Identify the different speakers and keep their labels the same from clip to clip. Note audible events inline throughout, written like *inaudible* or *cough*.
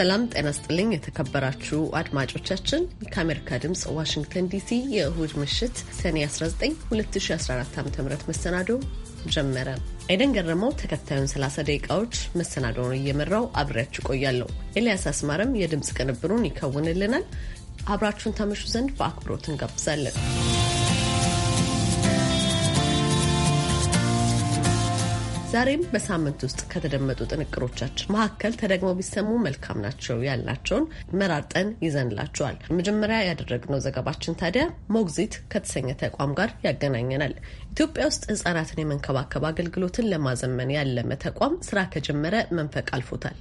Speaker 1: ሰላም ጤና ስጥልኝ። የተከበራችሁ አድማጮቻችን ከአሜሪካ ድምፅ ዋሽንግተን ዲሲ የእሁድ ምሽት ሰኔ 19 2014 ዓ ም መሰናዶ ጀመረ። ኤደን ገረመው ተከታዩን 30 ደቂቃዎች መሰናዶውን እየመራው አብሬያችሁ ቆያለሁ። ኤልያስ አስማረም የድምፅ ቅንብሩን ይከውንልናል። አብራችሁን ታመሹ ዘንድ በአክብሮት እንጋብዛለን። ዛሬም በሳምንት ውስጥ ከተደመጡ ጥንቅሮቻችን መካከል ተደግሞ ቢሰሙ መልካም ናቸው ያልናቸውን መራርጠን ይዘንላቸዋል። መጀመሪያ ያደረግነው ዘገባችን ታዲያ ሞግዚት ከተሰኘ ተቋም ጋር ያገናኘናል። ኢትዮጵያ ውስጥ ህጻናትን የመንከባከብ አገልግሎትን ለማዘመን ያለመ ተቋም ስራ ከጀመረ መንፈቅ አልፎታል።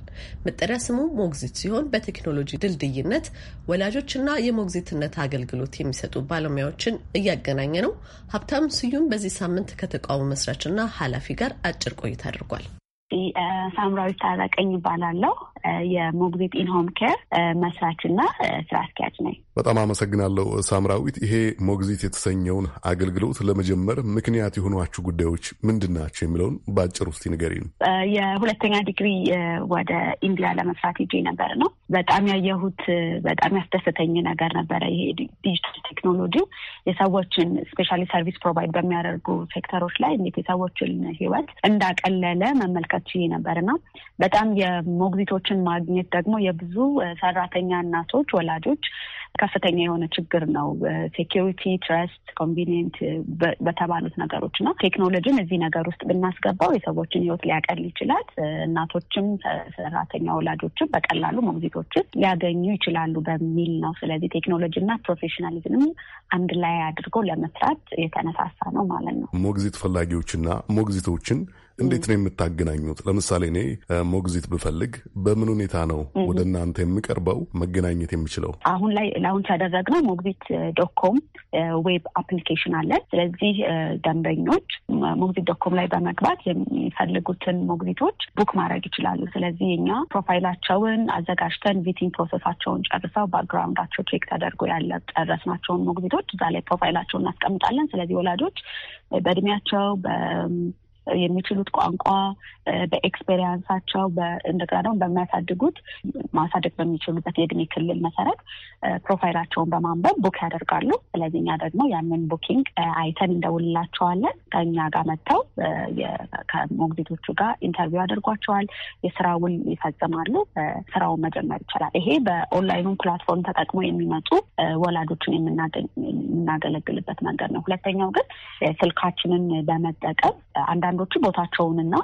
Speaker 1: መጠሪያ ስሙ ሞግዚት ሲሆን በቴክኖሎጂ ድልድይነት ወላጆችና የሞግዚትነት አገልግሎት የሚሰጡ ባለሙያዎችን እያገናኘ ነው። ሀብታም ስዩም በዚህ ሳምንት ከተቋሙ መስራችና ኃላፊ ጋር አጭር ቆይታ አድርጓል።
Speaker 2: ሳምራዊት ታረቀኝ ይባላለው የሞግዚት ኢንሆም ኬር መስራችና ስራ አስኪያጅ ነኝ።
Speaker 3: በጣም አመሰግናለሁ ሳምራዊት። ይሄ ሞግዚት የተሰኘውን አገልግሎት ለመጀመር ምክንያት የሆኗችሁ ጉዳዮች ምንድን ናቸው የሚለውን በአጭር ውስጥ ንገሪን።
Speaker 2: የሁለተኛ ዲግሪ ወደ ኢንዲያ ለመስራት ሄጄ ነበር ነው በጣም ያየሁት በጣም ያስደሰተኝ ነገር ነበረ። ይሄ ዲጂታል ቴክኖሎጂው የሰዎችን ስፔሻሊ ሰርቪስ ፕሮቫይድ በሚያደርጉ ሴክተሮች ላይ እንዴት የሰዎችን ህይወት እንዳቀለለ መመልከት ችዬ ነበር ነው በጣም የሞግዚቶችን ማግኘት ደግሞ የብዙ ሰራተኛ እናቶች ወላጆች ከፍተኛ የሆነ ችግር ነው። ሴኪሪቲ፣ ትረስት፣ ኮንቪኒንት በተባሉት ነገሮች ነው። ቴክኖሎጂን እዚህ ነገር ውስጥ ብናስገባው የሰዎችን ህይወት ሊያቀል ይችላል። እናቶችም ሰራተኛ ወላጆችም በቀላሉ ሞግዚቶችን ሊያገኙ ይችላሉ በሚል ነው። ስለዚህ ቴክኖሎጂ ና ፕሮፌሽናሊዝም አንድ ላይ አድርጎ ለመስራት የተነሳሳ ነው ማለት
Speaker 3: ነው። ሞግዚት ፈላጊዎችና ሞግዚቶችን እንዴት ነው የምታገናኙት? ለምሳሌ እኔ ሞግዚት ብፈልግ በምን ሁኔታ ነው ወደ እናንተ የምቀርበው መገናኘት የምችለው?
Speaker 2: አሁን ላይ ላውንች ያደረግነው ሞግዚት ዶኮም ዌብ አፕሊኬሽን አለ። ስለዚህ ደንበኞች ሞግዚት ዶኮም ላይ በመግባት የሚፈልጉትን ሞግዚቶች ቡክ ማድረግ ይችላሉ። ስለዚህ እኛ ፕሮፋይላቸውን አዘጋጅተን ቪቲንግ ፕሮሰሳቸውን ጨርሰው ባክግራውንዳቸው ቼክ ተደርጎ ያለ ጨረስናቸውን ሞግዚቶች እዛ ላይ ፕሮፋይላቸውን እናስቀምጣለን። ስለዚህ ወላጆች በእድሜያቸው የሚችሉት ቋንቋ በኤክስፔሪንሳቸው እንደገና ደግሞ በሚያሳድጉት ማሳደግ በሚችሉበት የእድሜ ክልል መሰረት ፕሮፋይላቸውን በማንበብ ቡክ ያደርጋሉ። ስለዚህ እኛ ደግሞ ያንን ቡኪንግ አይተን እንደውልላቸዋለን። ከእኛ ጋር መጥተው ከሞግዚቶቹ ጋር ኢንተርቪው ያደርጓቸዋል። የስራውን ይፈጽማሉ። ስራውን መጀመር ይቻላል። ይሄ በኦንላይኑን ፕላትፎርም ተጠቅሞ የሚመጡ ወላጆችን የምናገለግልበት መንገድ ነው። ሁለተኛው ግን ስልካችንን በመጠቀም አንዳንድ አንዳንዶቹ ቦታቸውንና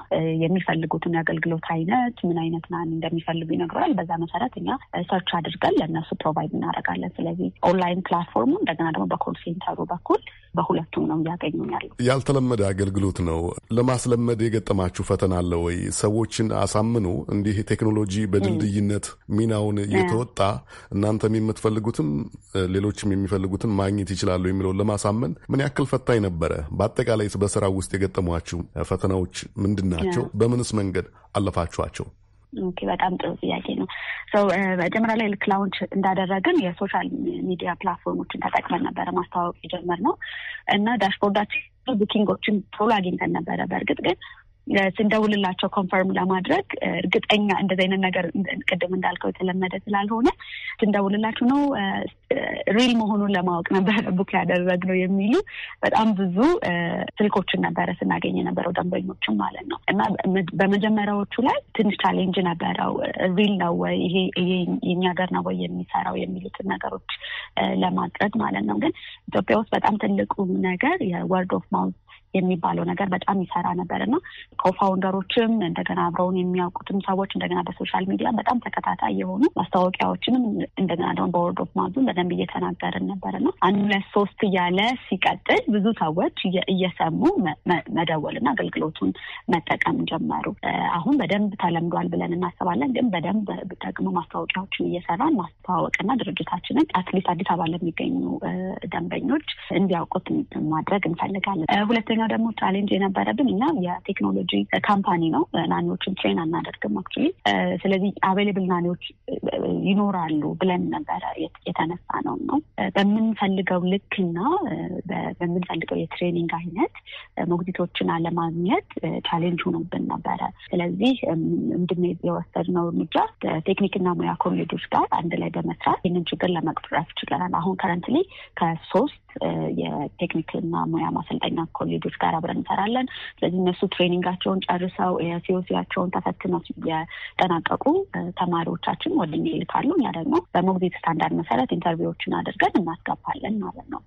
Speaker 2: የሚፈልጉትን የአገልግሎት አይነት ምን አይነት ና እንደሚፈልጉ ይነግረዋል። በዛ መሰረት እኛ ሰርች አድርገን ለእነሱ ፕሮቫይድ እናደርጋለን። ስለዚህ ኦንላይን ፕላትፎርሙ እንደገና ደግሞ በኮል ሴንተሩ በኩል በሁለቱም ነው እያገኙን
Speaker 3: ያልተለመደ አገልግሎት ነው። ለማስለመድ የገጠማችሁ ፈተና አለ ወይ? ሰዎችን አሳምኑ እንዲህ ቴክኖሎጂ በድልድይነት ሚናውን እየተወጣ እናንተም የምትፈልጉትም ሌሎችም የሚፈልጉትን ማግኘት ይችላሉ የሚለውን ለማሳመን ምን ያክል ፈታኝ ነበረ? በአጠቃላይ በስራ ውስጥ የገጠሟችሁ ፈተናዎች ምንድን ናቸው? በምንስ መንገድ አለፋችኋቸው?
Speaker 2: ኦኬ፣ በጣም ጥሩ ጥያቄ ነው። ሰው መጀመሪያ ላይ ልክ ላውንች እንዳደረግን የሶሻል ሚዲያ ፕላትፎርሞችን ተጠቅመን ነበረ ማስተዋወቅ የጀመርነው እና ዳሽቦርዳችን ቡኪንጎችን ቶሎ አግኝተን ነበረ። በእርግጥ ግን ስንደውልላቸው ኮንፈርም ለማድረግ እርግጠኛ እንደዚህ አይነት ነገር ቅድም እንዳልከው የተለመደ ስላልሆነ ስንደውልላችሁ ነው ሪል መሆኑን ለማወቅ ነበረ *laughs* ቡክ ያደረግነው የሚሉ በጣም ብዙ ስልኮችን ነበረ ስናገኝ የነበረው ደንበኞችም ማለት ነው። እና በመጀመሪያዎቹ ላይ ትንሽ ቻሌንጅ ነበረው። ሪል ነው ወይ ይሄ የኛ ሀገር ነው ወይ የሚሰራው የሚሉትን ነገሮች ለማቅረድ ማለት ነው። ግን ኢትዮጵያ ውስጥ በጣም ትልቁ ነገር የወርድ ኦፍ ማውዝ የሚባለው ነገር በጣም ይሰራ ነበር እና ኮፋውንደሮችም እንደገና አብረውን የሚያውቁትም ሰዎች እንደገና በሶሻል ሚዲያ በጣም ተከታታይ የሆኑ ማስታወቂያዎችንም እንደገና ደግሞ በወርድ ኦፍ በደንብ እየተናገርን ነበር እና አንድ ሁለት ሶስት እያለ ሲቀጥል ብዙ ሰዎች እየሰሙ መደወል እና አገልግሎቱን መጠቀም ጀመሩ። አሁን በደንብ ተለምዷል ብለን እናስባለን። ግን በደንብ ደግሞ ማስታወቂያዎችን እየሰራን ማስተዋወቅና ድርጅታችንን አትሊስት አዲስ አበባ ለሚገኙ ደንበኞች እንዲያውቁት ማድረግ እንፈልጋለን። ሁለተኛ ሌላኛው ደግሞ ቻሌንጅ የነበረብን እኛ የቴክኖሎጂ ካምፓኒ ነው። ናኒዎችን ትሬን አናደርግም አክቹዋሊ። ስለዚህ አቬሌብል ናኒዎች ይኖራሉ ብለን ነበረ የተነሳ ነው ነው በምንፈልገው ልክና በምንፈልገው የትሬኒንግ አይነት ሞግዚቶችን አለማግኘት ቻሌንጅ ሆኖብን ነበረ። ስለዚህ እንድንሄድ የወሰድነው እርምጃ ቴክኒክና ሙያ ኮሌጆች ጋር አንድ ላይ በመስራት ይህንን ችግር ለመቅረፍ ችለናል። አሁን ከረንትሊ ከሶስት የቴክኒክና ሙያ ማሰልጠኛ ኮሌጆች ጋር አብረን እንሰራለን። ስለዚህ እነሱ ትሬኒንጋቸውን ጨርሰው የሲኦሲያቸውን ተፈትነው የጠናቀቁ ተማሪዎቻችን ወደ እኛ ይልካሉ። እኛ ደግሞ በሞግዚት ስታንዳርድ መሰረት ኢንተርቪዎችን አድርገን እናስገባለን ማለት ነው።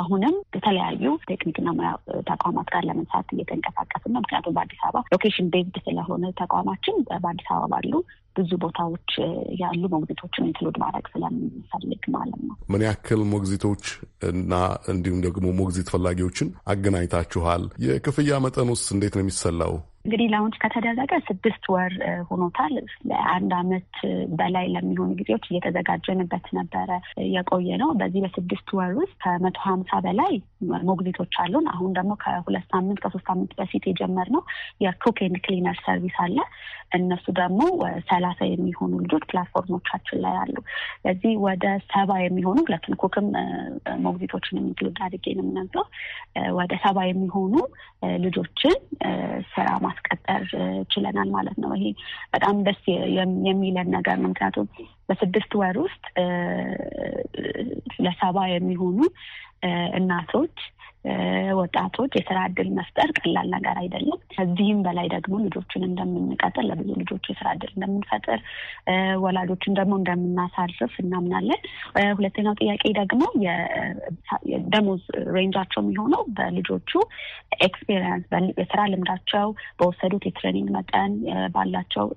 Speaker 2: አሁንም የተለያዩ ቴክኒክና ሙያ ተቋማት ጋር ለመንሳት እየተንቀሳቀስን ነው። ምክንያቱም በአዲስ አበባ ሎኬሽን ቤዝድ ስለሆነ ተቋማችን በአዲስ አበባ ባሉ ብዙ ቦታዎች ያሉ ሞግዚቶችን ኢንክሉድ ማድረግ ስለምንፈልግ ማለት ነው።
Speaker 3: ምን ያክል ሞግዚቶች እና እንዲሁም ደግሞ ሞግዚት ፈላጊዎችን አገናኝታችኋል? የክፍያ መጠን ውስጥ እንዴት ነው የሚሰላው?
Speaker 2: እንግዲህ ላውንች ከተደረገ ስድስት ወር ሆኖታል። ለአንድ አመት በላይ ለሚሆኑ ጊዜዎች እየተዘጋጀንበት ነበረ የቆየ ነው። በዚህ በስድስት ወር ውስጥ ከመቶ ሀምሳ በላይ ሞግዚቶች አሉን። አሁን ደግሞ ከሁለት ሳምንት ከሶስት ሳምንት በፊት የጀመርነው የኩክ ኤንድ ክሊነር ሰርቪስ አለ። እነሱ ደግሞ ሰላሳ የሚሆኑ ልጆች ፕላትፎርሞቻችን ላይ አሉ። ለዚህ ወደ ሰባ የሚሆኑ ሁለቱን ኩክም ሞግዚቶችን ኢንክሉድ አድርጌ ነው የምነግረው። ወደ ሰባ የሚሆኑ ልጆችን ስራ ማስቀጠር ችለናል ማለት ነው። ይሄ በጣም ደስ የሚለን ነገር ነው። ምክንያቱም በስድስት ወር ውስጥ ለሰባ የሚሆኑ እናቶች ወጣቶች የስራ እድል መፍጠር ቀላል ነገር አይደለም። ከዚህም በላይ ደግሞ ልጆችን እንደምንቀጥል ለብዙ ልጆች የስራ እድል እንደምንፈጥር ወላጆችን ደግሞ እንደምናሳርፍ እናምናለን። ሁለተኛው ጥያቄ ደግሞ ደሞዝ ሬንጃቸው የሚሆነው በልጆቹ ኤክስፔሪንስ፣ የስራ ልምዳቸው፣ በወሰዱት የትሬኒንግ መጠን፣ ባላቸው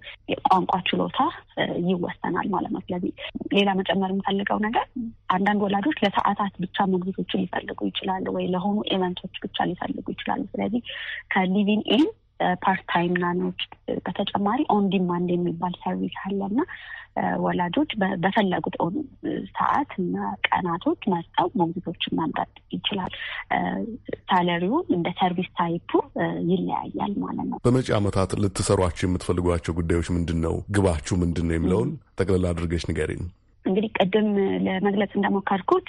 Speaker 2: ቋንቋ ችሎታ ይወሰናል ማለት ነው። ስለዚህ ሌላ መጨመር የምፈልገው ነገር አንዳንድ ወላጆች ለሰዓታት ብቻ ሞግዚቶችን ሊፈልጉ ይችላሉ ወይ ለሆኑ ኤቨንቶች ብቻ ሊፈልጉ ይችላሉ። ስለዚህ ከሊቪን ኢን ፓርት ታይም ናኖች በተጨማሪ ኦን ዲማንድ የሚባል ሰርቪስ አለ እና ወላጆች በፈለጉት ሰዓት እና ቀናቶች መርጠው ሞግዚቶችን ማምጣት ይችላል። ሳለሪውን እንደ ሰርቪስ ታይፑ ይለያያል ማለት ነው።
Speaker 3: በመጪ ዓመታት ልትሰሯቸው የምትፈልጓቸው ጉዳዮች ምንድን ነው? ግባችሁ ምንድን ነው የሚለውን ጠቅልላ አድርገች ንገሪን።
Speaker 2: እንግዲህ ቅድም ለመግለጽ እንደሞከርኩት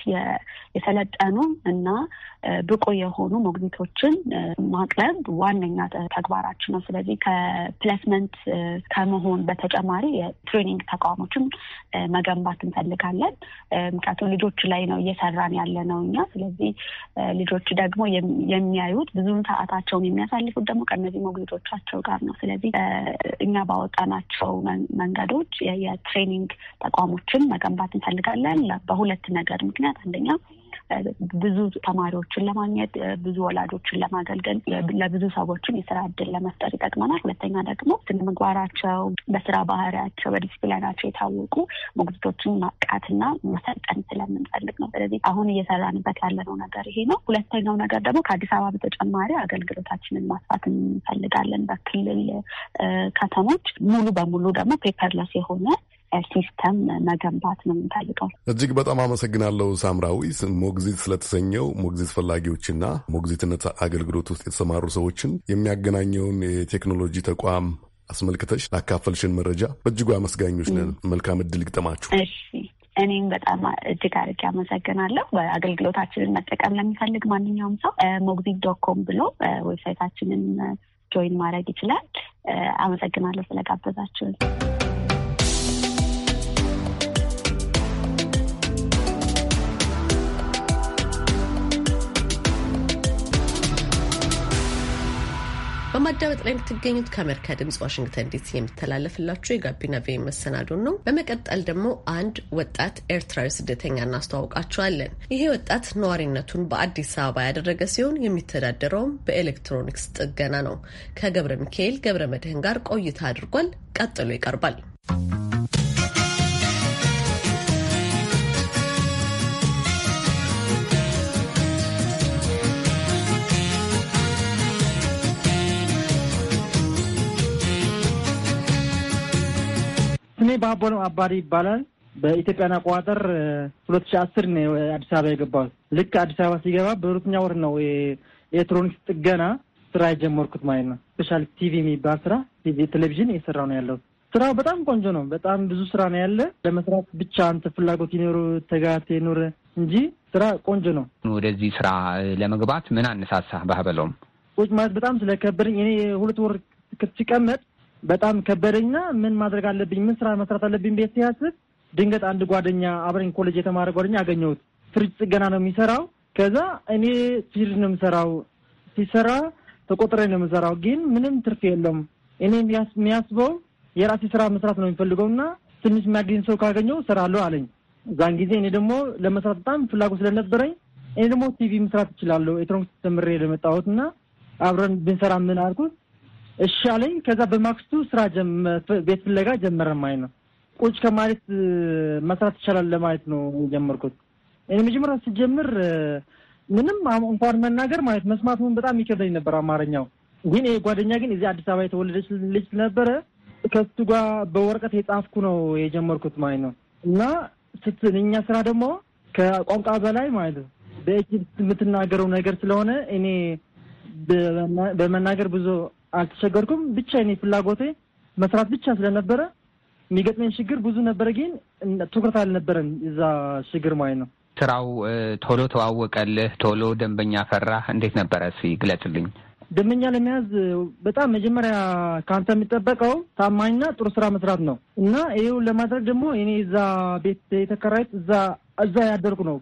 Speaker 2: የሰለጠኑ እና ብቁ የሆኑ ሞግኒቶችን ማቅረብ ዋነኛ ተግባራችን ነው። ስለዚህ ከፕሌስመንት ከመሆን በተጨማሪ የትሬኒንግ ተቋሞችን መገንባት እንፈልጋለን። ምክንያቱም ልጆች ላይ ነው እየሰራን ያለ ነው እኛ። ስለዚህ ልጆች ደግሞ የሚያዩት ብዙም ሰዓታቸውን የሚያሳልፉት ደግሞ ከእነዚህ ሞግኒቶቻቸው ጋር ነው። ስለዚህ እኛ ባወጣናቸው መንገዶች የትሬኒንግ ተቋሞችን መገ መገንባት እንፈልጋለን በሁለት ነገር ምክንያት አንደኛ ብዙ ተማሪዎችን ለማግኘት ብዙ ወላጆችን ለማገልገል ለብዙ ሰዎችን የስራ እድል ለመፍጠር ይጠቅመናል። ሁለተኛ ደግሞ ስነ ምግባራቸው፣ በስራ ባህሪያቸው፣ በዲስፕሊናቸው የታወቁ ሞግዚቶችን ማቃትና መሰልጠን ስለምንፈልግ ነው። ስለዚህ አሁን እየሰራንበት ያለነው ነገር ይሄ ነው። ሁለተኛው ነገር ደግሞ ከአዲስ አበባ በተጨማሪ አገልግሎታችንን ማስፋት እንፈልጋለን። በክልል ከተሞች ሙሉ በሙሉ ደግሞ ፔፐርለስ የሆነ ሲስተም መገንባት ነው
Speaker 4: የምንፈልገው።
Speaker 3: እጅግ በጣም አመሰግናለሁ። ሳምራዊ ሞግዚት ስለተሰኘው ሞግዚት ፈላጊዎችና ሞግዚትነት አገልግሎት ውስጥ የተሰማሩ ሰዎችን የሚያገናኘውን የቴክኖሎጂ ተቋም አስመልክተሽ ላካፈልሽን መረጃ በእጅጉ አመስጋኞች ነን። መልካም እድል ይግጠማችሁ።
Speaker 4: እሺ።
Speaker 2: እኔም በጣም እጅግ አድርጌ አመሰግናለሁ። አገልግሎታችንን መጠቀም ለሚፈልግ ማንኛውም ሰው ሞግዚት ዶት ኮም ብሎ ዌብሳይታችንን ጆይን ማድረግ ይችላል። አመሰግናለሁ ስለጋበዛችሁን።
Speaker 1: በማዳመጥ ላይ የምትገኙት ከአሜሪካ ድምጽ ዋሽንግተን ዲሲ የሚተላለፍላችሁ የጋቢና ቪ መሰናዶን ነው። በመቀጠል ደግሞ አንድ ወጣት ኤርትራዊ ስደተኛ እናስተዋውቃችኋለን። ይሄ ወጣት ነዋሪነቱን በአዲስ አበባ ያደረገ ሲሆን የሚተዳደረውም በኤሌክትሮኒክስ ጥገና ነው። ከገብረ ሚካኤል ገብረ መድህን ጋር ቆይታ አድርጓል። ቀጥሎ ይቀርባል።
Speaker 5: ባቦለም አባዴ ይባላል። በኢትዮጵያን አቆጣጠር ሁለት ሺ አስር ነው አዲስ አበባ የገባሁት። ልክ አዲስ አበባ ሲገባ በሁለተኛ ወር ነው የኤሌክትሮኒክስ ጥገና ስራ የጀመርኩት ማለት ነው። ስፔሻል ቲቪ የሚባል ስራ ቲቪ ቴሌቪዥን እየሰራ ነው ያለው። ስራው በጣም ቆንጆ ነው። በጣም ብዙ ስራ ነው ያለ። ለመስራት ብቻ አንተ ፍላጎት ይኖሩ ተጋት ይኖር እንጂ ስራ ቆንጆ ነው።
Speaker 6: ወደዚህ ስራ ለመግባት ምን አነሳሳ? ባህበለውም
Speaker 5: ቁጭ ማለት በጣም ስለከበደኝ እኔ ሁለት ወር ሲቀመጥ በጣም ከበደኝና ምን ማድረግ አለብኝ፣ ምን ስራ መስራት አለብኝ ቤት ሲያስብ ድንገት አንድ ጓደኛ አብረኝ ኮሌጅ የተማረ ጓደኛ አገኘሁት። ፍሪጅ ጥገና ነው የሚሰራው። ከዛ እኔ ፍሪጅ ነው የምሰራው ሲሰራ ተቆጥሬ ነው የምሰራው፣ ግን ምንም ትርፍ የለም። እኔ የሚያስበው የራሴ ስራ መስራት ነው የሚፈልገው እና ትንሽ የሚያገኝ ሰው ካገኘው እሰራለሁ አለኝ። እዛን ጊዜ እኔ ደግሞ ለመስራት በጣም ፍላጎት ስለነበረኝ እኔ ደግሞ ቲቪ መስራት እችላለሁ ኤሌክትሮኒክስ ተምሬ ለመጣሁት እና አብረን ብንሰራ ምን አልኩት እሺ አለኝ። ከዛ በማክስቱ ስራ ቤት ፍለጋ ጀመረ ማለት ነው። ቁጭ ከማለት መስራት ይቻላል ለማለት ነው የጀመርኩት። እኔ መጀመሪያ ስጀምር ምንም እንኳን መናገር ማለት መስማት በጣም ይከብደኝ ነበር አማርኛው። ግን ይሄ ጓደኛ ግን እዚህ አዲስ አበባ የተወለደች ልጅ ስለነበረ ከሱ ጋር በወረቀት የጻፍኩ ነው የጀመርኩት ማለት ነው። እና ስትንኛ ስራ ደግሞ ከቋንቋ በላይ ማለት ነው በእጅ የምትናገረው ነገር ስለሆነ እኔ በመናገር ብዙ አልተቸገርኩም። ብቻ እኔ ፍላጎቴ መስራት ብቻ ስለነበረ የሚገጥመኝ ችግር ብዙ ነበረ፣ ግን ትኩረት አልነበረን እዛ ችግር ማለት ነው።
Speaker 6: ስራው ቶሎ ተዋወቀልህ? ቶሎ ደንበኛ ፈራህ? እንዴት ነበረ? እስኪ ግለጽልኝ።
Speaker 5: ደንበኛ ለመያዝ በጣም መጀመሪያ ከአንተ የሚጠበቀው ታማኝና ጥሩ ስራ መስራት ነው እና ይኸው ለማድረግ ደግሞ እኔ እዛ ቤት የተከራዩት እዛ እዛ ያደርኩ ነው።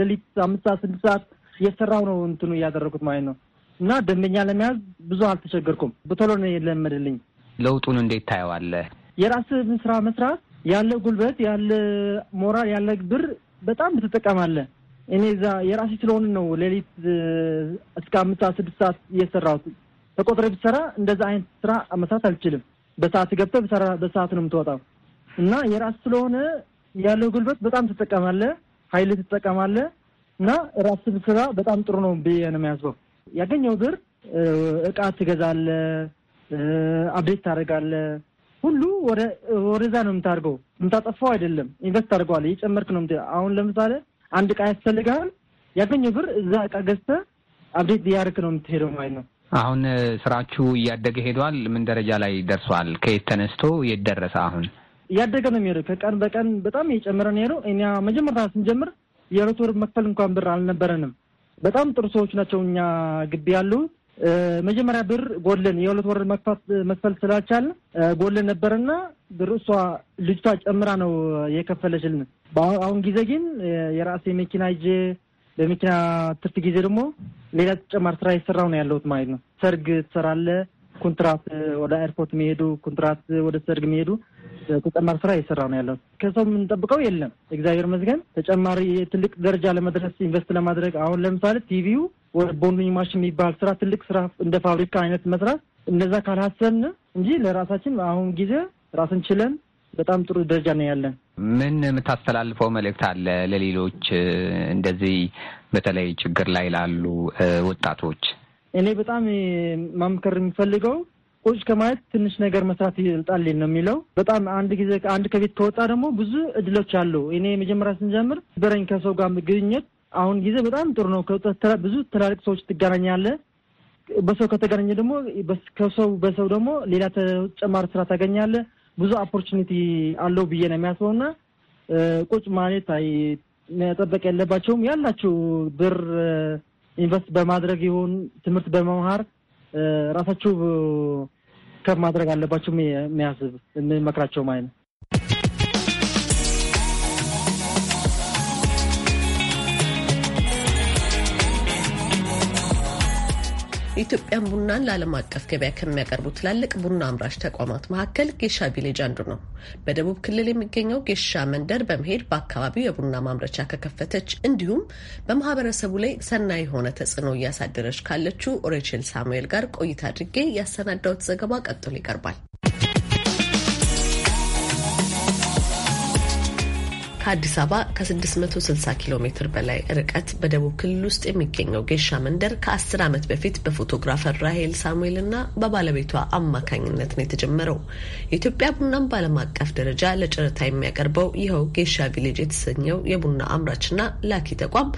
Speaker 5: ሌሊት አምስት ሰዓት ስድስት ሰዓት እየሰራሁ ነው እንትኑ እያደረኩት ማለት ነው እና ደንበኛ ለመያዝ ብዙ አልተቸገርኩም። በቶሎ ነው የለመድልኝ።
Speaker 6: ለውጡን እንዴት ታየዋለህ?
Speaker 5: የራስህን ስራ መስራት ያለ ጉልበት ያለ ሞራል ያለ ብር በጣም ትጠቀማለህ። እኔ እዛ የራሴ ስለሆነ ነው ሌሊት እስከ አምስት ሰዓት ስድስት ሰዓት እየሰራሁት ተቆጥረ ብትሰራ እንደዛ አይነት ስራ መስራት አልችልም። በሰዓት ገብተህ በሰዓት ነው የምትወጣው እና የራስ ስለሆነ ያለው ጉልበት በጣም ትጠቀማለህ፣ ኃይል ትጠቀማለህ እና ራስ ስራ በጣም ጥሩ ነው ብዬ ነው የሚያስበው። ያገኘው ብር እቃ ትገዛለ አብዴት ታደርጋለህ። ሁሉ ወደዛ ነው የምታደርገው። የምታጠፋው አይደለም፣ ኢንቨስት ታደርገዋለ፣ እየጨመርክ ነው። አሁን ለምሳሌ አንድ እቃ ያስፈልጋል። ያገኘው ብር እዛ እቃ ገዝተ አብዴት እያደረክ ነው የምትሄደው ማለት ነው።
Speaker 6: አሁን ስራችሁ እያደገ ሄዷል። ምን ደረጃ ላይ ደርሷል? ከየት ተነስቶ የት ደረሰ? አሁን
Speaker 5: እያደገ ነው የሚሄደው። ከቀን በቀን በጣም እየጨመረ ነው የሄደው። እኛ መጀመሪያ ስንጀምር የሮቶር መክፈል እንኳን ብር አልነበረንም። በጣም ጥሩ ሰዎች ናቸው። እኛ ግቢ ያሉ መጀመሪያ ብር ጎለን የሁለት ወር መክፋት መክፈል ስላልቻል ጎለን ነበርና ብር እሷ ልጅቷ ጨምራ ነው የከፈለችልን። አሁን ጊዜ ግን የራሴ መኪና ይዤ በመኪና ትርፍ ጊዜ ደግሞ ሌላ ተጨማሪ ስራ የሰራው ነው ያለሁት ማለት ነው። ሰርግ ትሰራለህ ኮንትራት ወደ ኤርፖርት የሚሄዱ ኮንትራት ወደ ሰርግ የሚሄዱ ተጨማሪ ስራ እየሰራ ነው ያለው። ከሰው የምንጠብቀው የለም። እግዚአብሔር ይመስገን ተጨማሪ ትልቅ ደረጃ ለመድረስ ኢንቨስት ለማድረግ አሁን ለምሳሌ ቲቪው ወደ ቦንዱኝ ማሽን የሚባል ስራ ትልቅ ስራ እንደ ፋብሪካ አይነት መስራት እንደዛ ካልሀሰብን እንጂ ለራሳችን አሁን ጊዜ ራስን ችለን በጣም ጥሩ ደረጃ ነው ያለን።
Speaker 6: ምን የምታስተላልፈው መልእክት አለ ለሌሎች እንደዚህ በተለይ ችግር ላይ ላሉ ወጣቶች?
Speaker 5: እኔ በጣም ማምከር የሚፈልገው ቁጭ ከማየት ትንሽ ነገር መስራት ይልጣልን ነው የሚለው። በጣም አንድ ጊዜ አንድ ከቤት ከወጣ ደግሞ ብዙ እድሎች አሉ። እኔ መጀመሪያ ስንጀምር በረኝ ከሰው ጋር ግንኙነት አሁን ጊዜ በጣም ጥሩ ነው። ብዙ ትላልቅ ሰዎች ትገናኛለህ። በሰው ከተገናኘ ደግሞ ከሰው በሰው ደግሞ ሌላ ተጨማሪ ስራ ታገኛለህ። ብዙ ኦፖርቹኒቲ አለው ብዬ ነው የሚያስበው እና ቁጭ ማለት ጠበቅ ያለባቸውም ያላችሁ ብር ኢንቨስት በማድረግ ይሁን ትምህርት በመማር ራሳቸው ከፍ ማድረግ አለባቸው የሚያስብ የምመክራቸው ማለት ነው።
Speaker 1: የኢትዮጵያን ቡናን ለዓለም አቀፍ ገበያ ከሚያቀርቡ ትላልቅ ቡና አምራች ተቋማት መካከል ጌሻ ቪሌጅ አንዱ ነው። በደቡብ ክልል የሚገኘው ጌሻ መንደር በመሄድ በአካባቢው የቡና ማምረቻ ከከፈተች እንዲሁም በማህበረሰቡ ላይ ሰናይ የሆነ ተጽዕኖ እያሳደረች ካለችው ሬቸል ሳሙኤል ጋር ቆይታ አድርጌ ያሰናዳውት ዘገባ ቀጥሎ ይቀርባል። ከአዲስ አበባ ከ660 ኪሎ ሜትር በላይ ርቀት በደቡብ ክልል ውስጥ የሚገኘው ጌሻ መንደር ከ10 ዓመት በፊት በፎቶግራፈር ራሄል ሳሙኤል እና በባለቤቷ አማካኝነት ነው የተጀመረው። የኢትዮጵያ ቡናን በዓለም አቀፍ ደረጃ ለጨረታ የሚያቀርበው ይኸው ጌሻ ቪሌጅ የተሰኘው የቡና አምራችና ላኪ ተቋም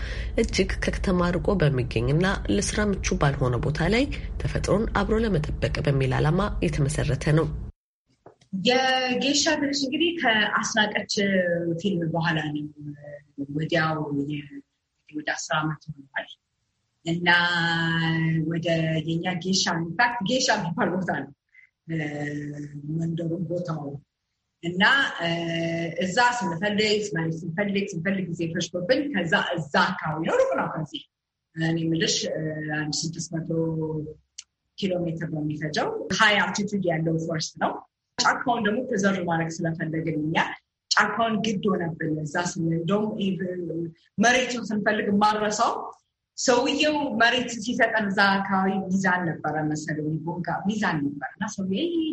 Speaker 1: እጅግ ከከተማ ርቆ በሚገኝና ለስራ ምቹ ባልሆነ ቦታ ላይ ተፈጥሮን አብሮ ለመጠበቅ በሚል ዓላማ የተመሰረተ ነው።
Speaker 7: የጌሻ ድርሽ እንግዲህ ከአስናቀች ፊልም በኋላ ነው። ወዲያው ወደ አስራ አመት ሆኗል እና ወደ የኛ ጌሻ ኢንፋክት ጌሻ የሚባል ቦታ ነው መንደሩም ቦታው እና እዛ ስንፈልግ ማለት ስንፈልግ ስንፈልግ ጊዜ ፈሽቶብን ከዛ እዛ አካባቢ ነው ሩቅ ነው ከዚህ እኔ ምልሽ አንድ ስድስት መቶ ኪሎ ሜትር ነው የሚፈጀው ሀይ አልቲቱድ ያለው ፎርስ ነው ጫካውን ደግሞ ፕሪዘርቭ ማድረግ ስለፈለግን እኛ ጫካውን ግድ ሆነብን። እዛ እንደውም መሬቱን ስንፈልግ ማረሰው ሰውየው መሬት ሲሰጠን እዛ አካባቢ ሚዛን ነበረ መሰለኝ ቦጋ ሚዛን ነበር እና ሰው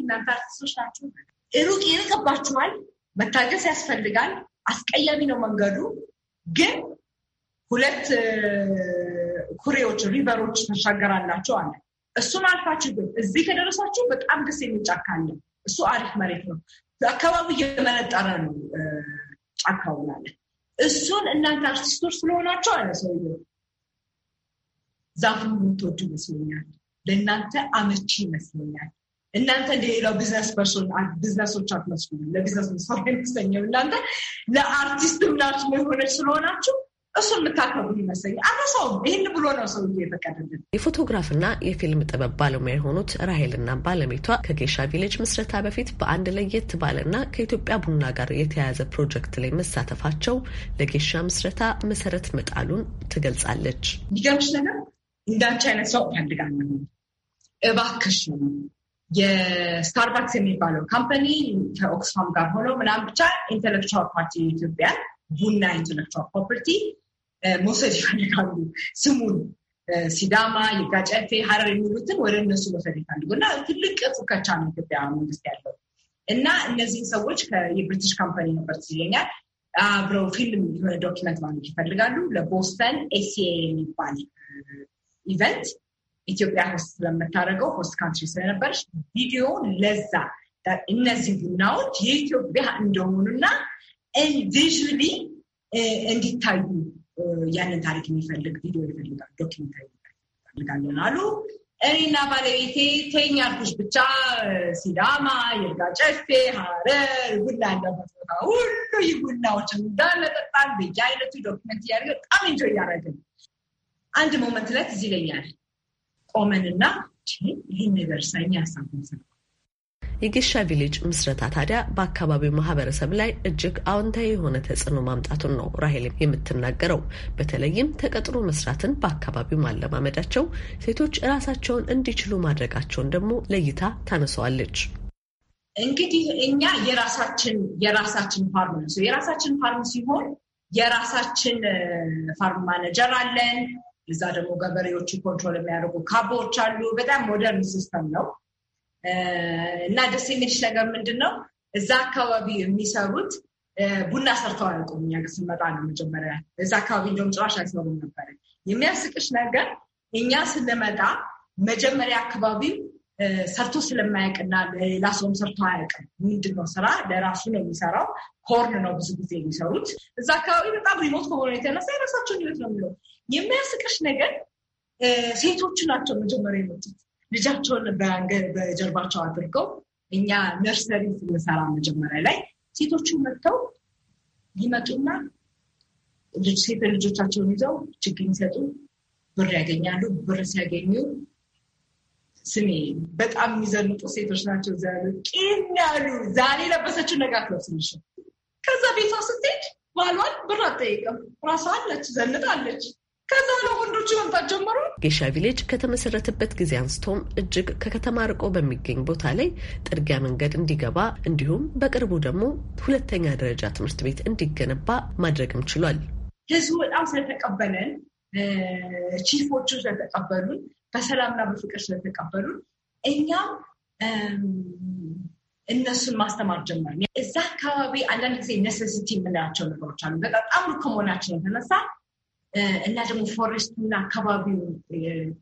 Speaker 7: እናንተ አርቲስቶች ናችሁ፣ ሩቅ ይርቅባችኋል፣ መታገስ ያስፈልጋል። አስቀያሚ ነው መንገዱ ግን ሁለት ኩሬዎች ሪቨሮች ተሻገራላችሁ አለ። እሱን አልፋችሁ ግን እዚህ ከደረሳችሁ በጣም ደስ የሚጫካለን እሱ አሪፍ መሬት ነው። አካባቢው እየመነጠረ ነው ጫካው ማለት እሱን እናንተ አርቲስቶች ስለሆናቸው አለ ሰውዬው ዛፉን የምትወዱ ይመስለኛል። ለእናንተ አመቺ ይመስለኛል። እናንተ እንደሌላው ቢዝነስ ፐርሶን ቢዝነሶች አትመስሉ። ለቢዝነስ ሰው ይመስለኛል። እናንተ ለአርቲስት ምላች የሆነች ስለሆናችሁ እሱ የምታከቡ ይመስለኝ አረሰውም ይህን ብሎ ነው ሰው የፈቀደልን።
Speaker 1: የፎቶግራፍና የፊልም ጥበብ ባለሙያ የሆኑት ራሄልና ባለቤቷ ከጌሻ ቪሌጅ ምስረታ በፊት በአንድ ለየት ባለና ከኢትዮጵያ ቡና ጋር የተያያዘ ፕሮጀክት ላይ መሳተፋቸው ለጌሻ ምስረታ መሰረት መጣሉን ትገልጻለች።
Speaker 7: ሊገርምሽ ነገር እንዳንቺ አይነት ሰው ፈልጋለ እባክሽ ነው የስታርባክስ የሚባለው ካምፓኒ ከኦክስፋም ጋር ሆኖ ምናምን ብቻ ኢንተሌክቹዋል ፓርቲ የኢትዮጵያ ቡና ኢንተሌክቹዋል ፕሮፐርቲ መውሰድ ይፈልጋሉ። ስሙን ሲዳማ፣ የጋጨፌ፣ ሀረር የሚሉትን ወደ እነሱ መውሰድ ይፈልጉ እና ትልቅ ፉከቻ ነው ኢትዮጵያ መንግስት ያለው እና እነዚህን ሰዎች የብሪቲሽ ካምፓኒ ነበር ይለኛል አብረው ፊልም የሆነ ዶኪመንት ማድረግ ይፈልጋሉ። ለቦስተን ኤሲኤ የሚባል ኢቨንት ኢትዮጵያ ሆስት ስለምታደርገው ሆስት ካንትሪ ስለነበረች ቪዲዮ ለዛ እነዚህ ቡናዎች የኢትዮጵያ እንደሆኑና ቪዥሊ እንዲታዩ ያንን ታሪክ የሚፈልግ ቪዲዮ ይፈልጋል፣ ዶኪመንታሪ ይፈልጋለን አሉ። እኔና ባለቤቴ ተኛ ብቻ ሲዳማ፣ የርጋ ጨፌ፣ ሀረር ቡና ያለበት ቦታ ሁሉ ይቡናዎችን እንዳለ ጠጣን። አይነቱ ዶኪመንት እያደረገ በጣም እንጆ እያደረግን አንድ ሞመንት ላይ ትዝ ይለኛል ቆመንና ይህን ነገር ሳኛ ያሳፍን
Speaker 1: የጌሻ ቪሌጅ ምስረታ ታዲያ በአካባቢው ማህበረሰብ ላይ እጅግ አዎንታዊ የሆነ ተጽዕኖ ማምጣቱን ነው ራሄል የምትናገረው። በተለይም ተቀጥሮ መስራትን በአካባቢው ማለማመዳቸው ሴቶች ራሳቸውን እንዲችሉ ማድረጋቸውን ደግሞ ለይታ ታነሰዋለች።
Speaker 7: እንግዲህ እኛ የራሳችን የራሳችን ፋርም ነው የራሳችን ፋርም ሲሆን የራሳችን ፋርም ማኔጀር አለን። እዛ ደግሞ ገበሬዎቹ ኮንትሮል የሚያደርጉ ካቦዎች አሉ። በጣም ሞደርን ሲስተም ነው። እና ደስ የሚልሽ ነገር ምንድን ነው እዛ አካባቢ የሚሰሩት ቡና ሰርተው አያውቁም። እኛ ጋር ስንመጣ ነው መጀመሪያ። እዛ አካባቢ እንደውም ጭራሽ አይሰሩም ነበረ። የሚያስቅሽ ነገር እኛ ስንመጣ መጀመሪያ አካባቢ ሰርቶ ስለማያውቅና ሌላ ሰውም ሰርቶ አያውቅም። ምንድነው ስራ ለራሱ ነው የሚሰራው። ኮርን ነው ብዙ ጊዜ የሚሰሩት። እዛ አካባቢ በጣም ሪሞት ከሆነ የተነሳ የራሳቸውን ህይወት ነው የሚለው። የሚያስቅሽ ነገር ሴቶቹ ናቸው መጀመሪያ የመጡት ልጃቸውን በጀርባቸው አድርገው እኛ ነርሰሪ ስንሰራ መጀመሪያ ላይ ሴቶቹ መጥተው ይመጡና ሴት ልጆቻቸውን ይዘው ችግኝ ይሰጡ፣ ብር ያገኛሉ። ብር ሲያገኙ ስሜ በጣም የሚዘንጡ ሴቶች ናቸው። ዘሉ ቂም ያሉ ዛሬ የለበሰችው ነገ አትለብስልሽ። ከዛ ቤቷ ስትሄድ ባሏን ብር አትጠይቅም። ራሷ አለች፣ ዘንጣለች። ከዛ ነው ወንዶቹ መምጣት ጀመሩ።
Speaker 1: ጌሻ ቪሌጅ ከተመሰረተበት ጊዜ አንስቶም እጅግ ከከተማ ርቆ በሚገኝ ቦታ ላይ ጥርጊያ መንገድ እንዲገባ እንዲሁም በቅርቡ ደግሞ ሁለተኛ ደረጃ ትምህርት ቤት እንዲገነባ ማድረግም ችሏል።
Speaker 7: ህዝቡ በጣም ስለተቀበለን፣ ቺፎቹ ስለተቀበሉን፣ በሰላምና በፍቅር ስለተቀበሉን እኛም እነሱን ማስተማር ጀመር። እዛ አካባቢ አንዳንድ ጊዜ ነሴሲቲ የምንላቸው ነገሮች አሉ። በጣም ሩቅ ከመሆናችን የተነሳ እና ደግሞ ፎረስቱን አካባቢው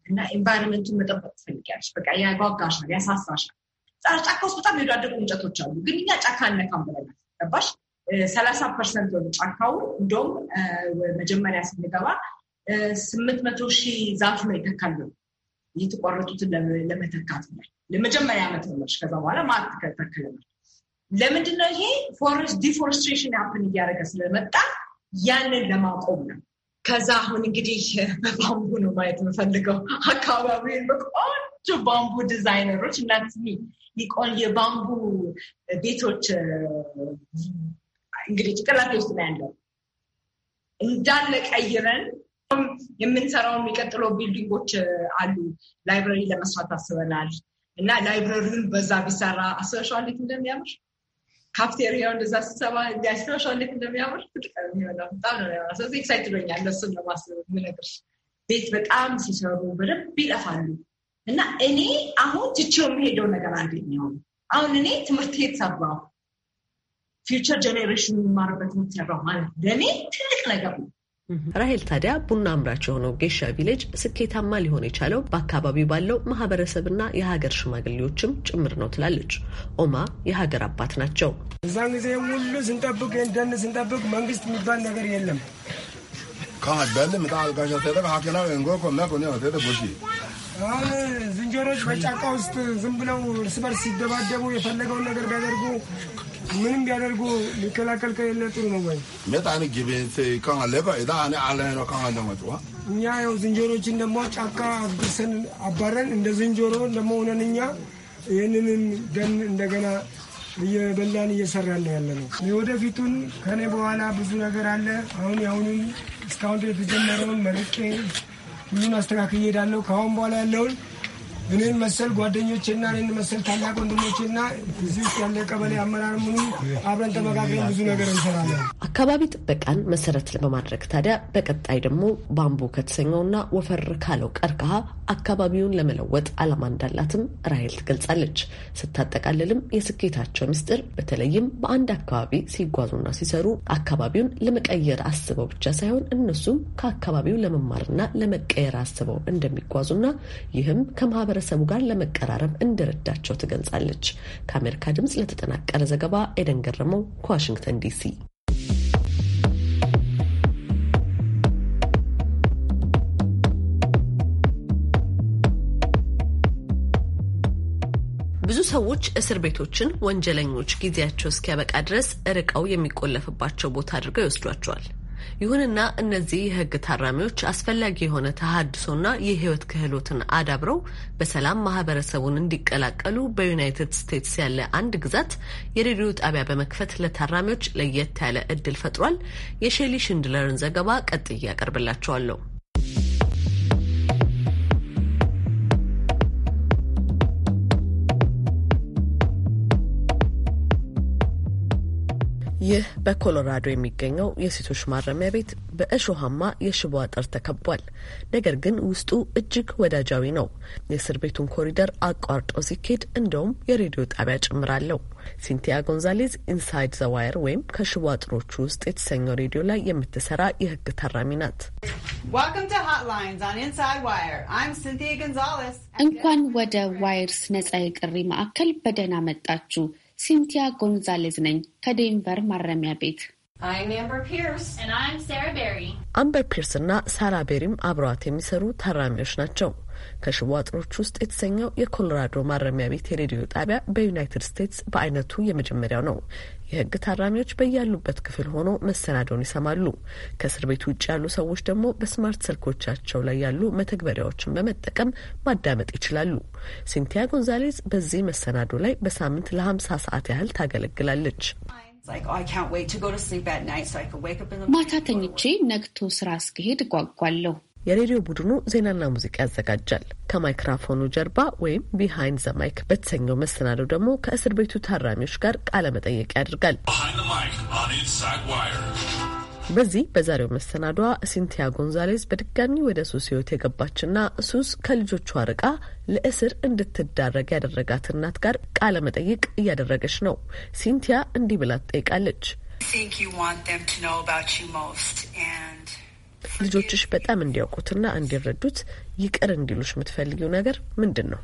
Speaker 7: እና ኤንቫይሮንመንቱን መጠበቅ ትፈልጊያለሽ። በቃ ያጓጓሻል፣ ያሳሳሻል። ጫካ ውስጥ በጣም የወዳደቁ እንጨቶች አሉ፣ ግን እኛ ጫካ አነካም ብለናል። ገባሽ? ሰላሳ ፐርሰንት ወደ ጫካው እንደውም መጀመሪያ ስንገባ ስምንት መቶ ሺህ ዛፍ ነው ይተካል ነው የተቆረጡትን ለመተካት ነው ለመጀመሪያ ዓመት ነች። ከዛ በኋላ ማት ከተከለ ነው። ለምንድነው ይሄ ዲፎረስትሬሽን ያፕን እያደረገ ስለመጣ ያንን ለማቆም ነው። ከዛ አሁን እንግዲህ በባምቡ ነው ማየት የምፈልገው አካባቢውን በቆንጆ ባምቡ ዲዛይነሮች እናት ሊቆን የባምቡ ቤቶች እንግዲህ ጭቅላት ውስጥ ነው ያለው እንዳለ ቀይረን የምንሰራው የሚቀጥለው ቢልዲንጎች አሉ። ላይብረሪ ለመስራት አስበናል እና ላይብረሪውን በዛ ቢሰራ አስበሽዋል እንደሚያምር ካፍቴሪያው እንደዛ ስሰማ እንዲያስታውሻው እንዴት እንደሚያምር ትልቅ የሚሆነው በጣም ነው የሚሆነው። ስለዚህ ኤክሳይት ብሎኛል። እሱን ለማስብ የምነግርሽ ቤት በጣም ሲሰሩ በደንብ ይጠፋሉ እና እኔ አሁን ትቼው የሚሄደው ነገር አገኘው። አሁን እኔ ትምህርት ቤት ሰራሁ፣ ፊውቸር ጀኔሬሽን የሚማርበት ትምህርት ማለት ለእኔ ትልቅ ነገር ነው።
Speaker 1: ራሄል ታዲያ ቡና አምራች የሆነው ጌሻ ቪሌጅ ስኬታማ ሊሆን የቻለው በአካባቢው ባለው ማህበረሰብና የሀገር ሽማግሌዎችም ጭምር ነው ትላለች። ኦማ የሀገር አባት ናቸው።
Speaker 6: እዛን ጊዜ ሁሉ ስንጠብቅ ደን ስንጠብቅ መንግስት የሚባል ነገር የለም። ዝንጀሮች በጫካ ውስጥ ዝም ብለው እርስ በርስ ሲደባደቡ የፈለገውን ነገር ቢያደርጉ ምንም ቢያደርጉ ሊከላከል ከሌለ ጥሩ ነው ወይ? አለ እኛ ያው ዝንጀሮችን ደግሞ ጫካ አስጉርሰን አባረን እንደ ዝንጀሮ ደግሞ ሆነን እኛ ይህንንም ደን እንደገና እየበላን እየሰራን ያለ ነው። ወደፊቱን ከኔ በኋላ ብዙ ነገር አለ። አሁን ያሁኑን እስካሁን የተጀመረውን መርቄ ሁሉን አስተካክል እሄዳለሁ። ከአሁን በኋላ ያለውን እኔን መሰል ጓደኞቼና እኔን መሰል ታላቅ ወንድሞቼና እዚህ ውስጥ ያለ ቀበሌ አመራር ምኑ አብረን ተመካክረን ብዙ ነገር እንሰራለን።
Speaker 1: አካባቢ ጥበቃን መሰረት በማድረግ ታዲያ በቀጣይ ደግሞ ባምቡ ከተሰኘውና ወፈር ካለው ቀርከሃ አካባቢውን ለመለወጥ ዓላማ እንዳላትም ራሄል ትገልጻለች። ስታጠቃልልም የስኬታቸው ምስጢር በተለይም በአንድ አካባቢ ሲጓዙና ሲሰሩ አካባቢውን ለመቀየር አስበው ብቻ ሳይሆን እነሱም ከአካባቢው ለመማርና ለመቀየር አስበው እንደሚጓዙና ይህም ከማህበረ ከማህበረሰቡ ጋር ለመቀራረብ እንደረዳቸው ትገልጻለች። ከአሜሪካ ድምፅ ለተጠናቀረ ዘገባ ኤደን ገረመው ከዋሽንግተን ዲሲ። ብዙ ሰዎች እስር ቤቶችን ወንጀለኞች ጊዜያቸው እስኪያበቃ ድረስ ርቀው የሚቆለፍባቸው ቦታ አድርገው ይወስዷቸዋል። ይሁንና እነዚህ የህግ ታራሚዎች አስፈላጊ የሆነ ተሃድሶና የህይወት ክህሎትን አዳብረው በሰላም ማህበረሰቡን እንዲቀላቀሉ በዩናይትድ ስቴትስ ያለ አንድ ግዛት የሬዲዮ ጣቢያ በመክፈት ለታራሚዎች ለየት ያለ እድል ፈጥሯል። የሼሊ ሽንድለርን ዘገባ ቀጥዬ ያቀርብላቸዋለሁ። ይህ በኮሎራዶ የሚገኘው የሴቶች ማረሚያ ቤት በእሾሃማ የሽቦ አጥር ተከቧል። ነገር ግን ውስጡ እጅግ ወዳጃዊ ነው። የእስር ቤቱን ኮሪደር አቋርጦ ሲኬድ እንደውም የሬዲዮ ጣቢያ ጭምር አለው። ሲንቲያ ጎንዛሌዝ ኢንሳይድ ዘዋየር ወይም ከሽቦ አጥሮቹ ውስጥ የተሰኘው ሬዲዮ ላይ የምትሰራ የህግ ታራሚ ናት። እንኳን ወደ ዋይርስ ነጻ የቅሪ ማዕከል በደህና መጣችሁ። ሲንቲያ ጎንዛሌዝ ነኝ ከዴንቨር ማረሚያ ቤት አምበር እና ሳራ ቤሪም አብረዋት የሚሰሩ ታራሚዎች ናቸው። ከሽቦ አጥሮች ውስጥ የተሰኘው የኮሎራዶ ማረሚያ ቤት የሬዲዮ ጣቢያ በዩናይትድ ስቴትስ በአይነቱ የመጀመሪያው ነው። የህግ ታራሚዎች በያሉበት ክፍል ሆኖ መሰናዶውን ይሰማሉ። ከእስር ቤት ውጭ ያሉ ሰዎች ደግሞ በስማርት ስልኮቻቸው ላይ ያሉ መተግበሪያዎችን በመጠቀም ማዳመጥ ይችላሉ። ሲንቲያ ጎንዛሌዝ በዚህ መሰናዶ ላይ በሳምንት ለ5ምሳ ሰዓት ያህል ታገለግላለች።
Speaker 7: Oh, ማታ
Speaker 1: ተኝቼ ነግቶ ስራ እስክሄድ እጓጓለሁ። የሬዲዮ ቡድኑ ዜናና ሙዚቃ ያዘጋጃል። ከማይክራፎኑ ጀርባ ወይም ቢሃይንድ ዘ ማይክ በተሰኘው መሰናዶ ደግሞ ከእስር ቤቱ ታራሚዎች ጋር ቃለ መጠየቅ ያደርጋል። በዚህ በዛሬው መሰናዷ ሲንቲያ ጎንዛሌዝ በድጋሚ ወደ ሱስ ህይወት የገባችና ሱስ ከልጆቿ ርቃ ለእስር እንድትዳረግ ያደረጋት እናት ጋር ቃለ መጠይቅ እያደረገች ነው። ሲንቲያ እንዲህ ብላ ትጠይቃለች። ልጆችሽ በጣም እንዲያውቁትና እንዲረዱት ይቅር እንዲሉሽ የምትፈልጊው ነገር ምንድን ነው?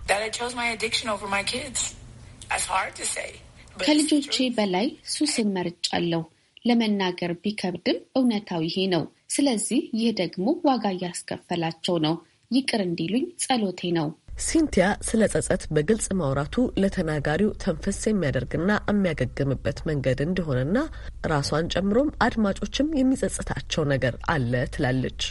Speaker 2: ከልጆቼ በላይ ሱስን መርጫለሁ። ለመናገር ቢከብድም እውነታው ይሄ ነው። ስለዚህ ይህ ደግሞ ዋጋ እያስከፈላቸው ነው። ይቅር እንዲሉኝ ጸሎቴ
Speaker 1: ነው። ሲንቲያ ስለ ጸጸት በግልጽ ማውራቱ ለተናጋሪው ተንፈስ የሚያደርግና የሚያገግምበት መንገድ እንደሆነና ራሷን ጨምሮም አድማጮችም የሚጸጽታቸው ነገር አለ ትላለች።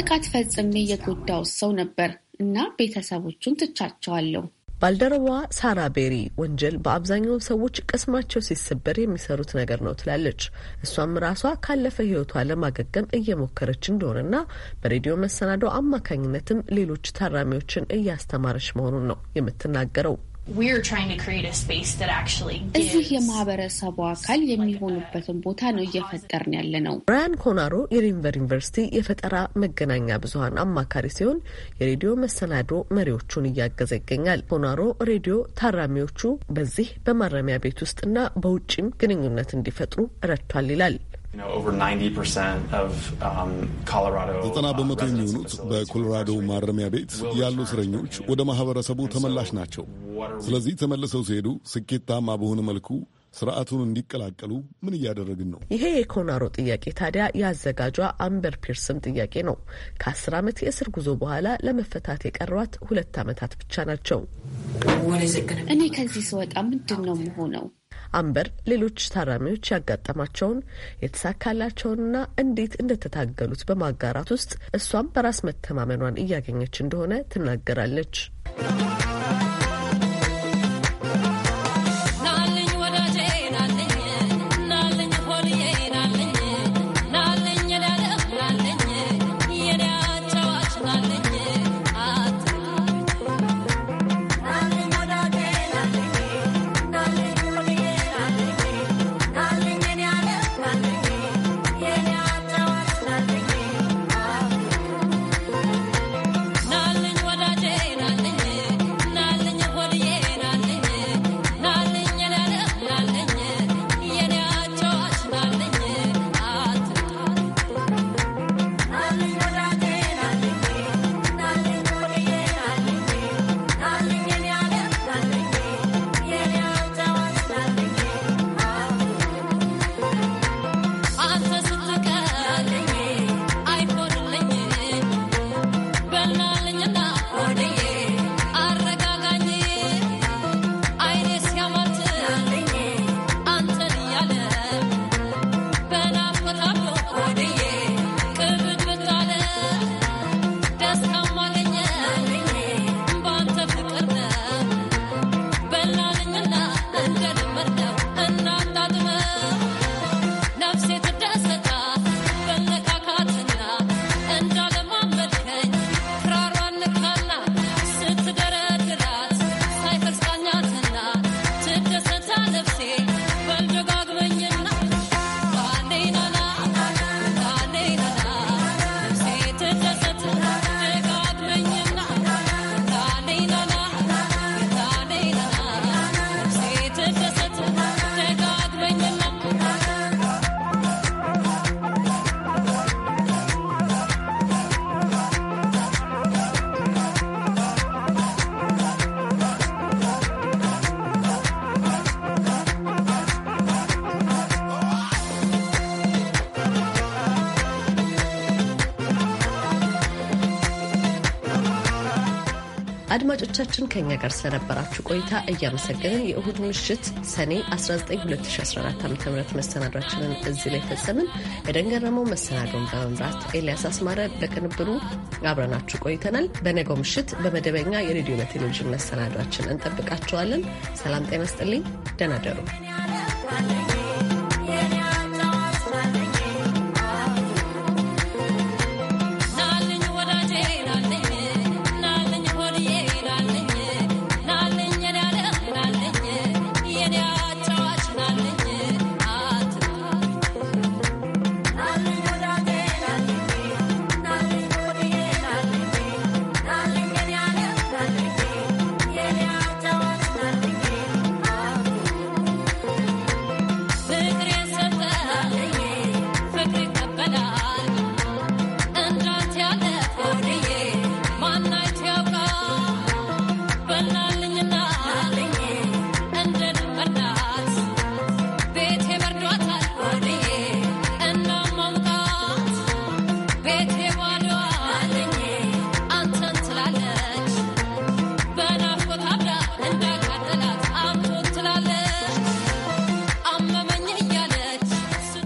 Speaker 2: ጥቃት ፈጽሜ የጎዳው ሰው ነበር እና ቤተሰቦቹን ትቻቸዋለሁ።
Speaker 1: ባልደረባዋ ሳራ ቤሪ ወንጀል በአብዛኛው ሰዎች ቅስማቸው ሲሰበር የሚሰሩት ነገር ነው ትላለች። እሷም ራሷ ካለፈ ሕይወቷ ለማገገም እየሞከረች እንደሆነና በሬዲዮ መሰናዶ አማካኝነትም ሌሎች ታራሚዎችን እያስተማረች መሆኑን ነው የምትናገረው። እዚህ የማህበረሰቡ አካል uh, የሚሆኑበትን ቦታ ነው እየፈጠርን ያለ ነው። ብራያን ኮናሮ የዴንቨር ዩኒቨርሲቲ የፈጠራ መገናኛ ብዙሀን አማካሪ ሲሆን የሬዲዮ መሰናዶ መሪዎቹን እያገዘ ይገኛል። ኮናሮ ሬዲዮ ታራሚዎቹ በዚህ በማረሚያ ቤት ውስጥና በውጭም ግንኙነት እንዲፈጥሩ ረድቷል ይላል።
Speaker 4: Um, ዘጠና uh, በመቶ የሚሆኑት
Speaker 3: በኮሎራዶ ማረሚያ ቤት ያሉ እስረኞች ወደ ማህበረሰቡ ተመላሽ ናቸው። ስለዚህ ተመልሰው ሲሄዱ ስኬታማ በሆነ መልኩ ስርዓቱን እንዲቀላቀሉ ምን እያደረግን
Speaker 1: ነው? ይሄ የኮናሮ ጥያቄ ታዲያ የአዘጋጇ አምበር ፒርስም ጥያቄ ነው። ከአስር ዓመት የእስር ጉዞ በኋላ ለመፈታት የቀሯት ሁለት ዓመታት ብቻ ናቸው።
Speaker 2: እኔ ከዚህ ስወጣ ምንድን ነው የምሆነው?
Speaker 1: አምበር ሌሎች ታራሚዎች ያጋጠማቸውን የተሳካላቸውንና እንዴት እንደተታገሉት በማጋራት ውስጥ እሷም በራስ መተማመኗን እያገኘች እንደሆነ ትናገራለች። አድማጮቻችን ከእኛ ጋር ስለነበራችሁ ቆይታ እያመሰገንን የእሁድ ምሽት ሰኔ 192014 ዓ ም መሰናዷችንን እዚህ ላይ ፈጸምን። የደንገረመው መሰናዶን በመምራት ኤልያስ አስማረ፣ በቅንብሩ አብረናችሁ ቆይተናል። በነገው ምሽት በመደበኛ የሬዲዮ በቴሌቪዥን መሰናዷችን እንጠብቃችኋለን። ሰላም ጤና ስጥልኝ። ደህና ደሩ።